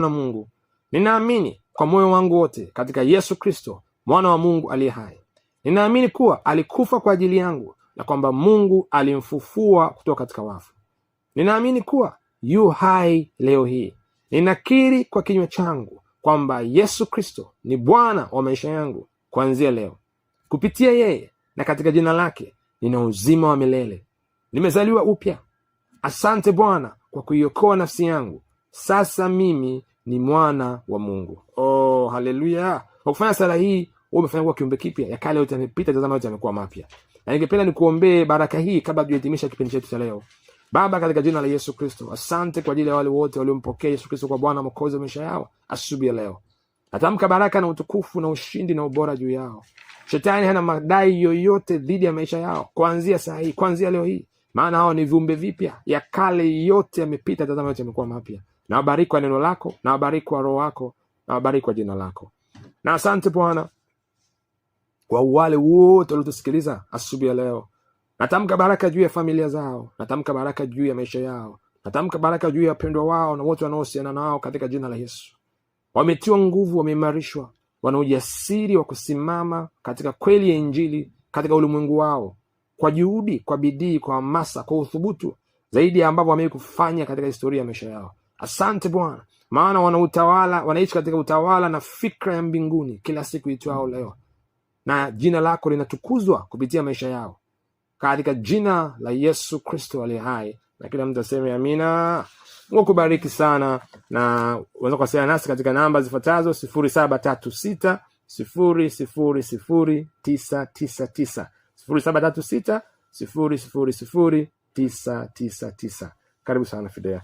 na Mungu. Ninaamini kwa moyo wangu wote katika Yesu Kristo, mwana wa Mungu aliye hai. Ninaamini kuwa alikufa kwa ajili yangu na kwamba Mungu alimfufua kutoka katika wafu. Ninaamini kuwa yu hai leo hii. Ninakiri kwa kinywa changu kwamba Yesu Kristo ni Bwana wa maisha yangu kuanzia leo. Kupitia yeye na katika jina lake nina uzima wa milele. Nimezaliwa upya. Asante Bwana kwa kuiokoa nafsi yangu. Sasa mimi ni mwana wa Mungu. Oh, haleluya! Kwa kufanya sala hii wewe umefanya kuwa kiumbe kipya, ya kale yote yamepita, tazama yote yamekuwa mapya. Na ningependa nikuombee baraka hii kabla tujahitimisha kipindi chetu cha leo. Baba, katika jina la Yesu Kristo, asante kwa ajili ya wale wote waliompokea Yesu Kristo kwa Bwana mokozi wa maisha yao asubuhi ya leo. Natamka baraka na utukufu na ushindi na ubora juu yao. Shetani hana madai yoyote dhidi ya maisha yao kuanzia saa hii, kuanzia leo hii, maana hao ni viumbe vipya, ya kale yote yamepita, tazama yote yamekuwa mapya na wabariki kwa neno lako, na wabariki kwa roho wako, na wabariki kwa jina lako. Na asante Bwana kwa wale wote waliotusikiliza asubuhi ya leo. Natamka baraka juu ya familia zao, natamka baraka juu ya maisha yao, natamka baraka juu ya wapendwa wao na wote wanaohusiana nao, katika jina la Yesu. Wametiwa nguvu, wameimarishwa, wana ujasiri wa kusimama katika kweli ya Injili katika ulimwengu wao, kwa juhudi, kwa bidii, kwa hamasa, kwa uthubutu zaidi ya ambavyo wamewai kufanya katika historia ya maisha yao. Asante Bwana, maana wanautawala, wanaishi katika utawala na fikra ya mbinguni kila siku itwao leo, na jina lako linatukuzwa kupitia maisha yao, katika jina la Yesu Kristo aliye hai, na kila mtu aseme amina. Mungu kubariki sana, na unaweza kuwasiliana nasi katika namba zifuatazo: sifuri saba tatu sita sifuri sifuri sifuri tisa tisa tisa sifuri saba tatu sita sifuri sifuri sifuri tisa tisa tisa. Karibu sana Fidea.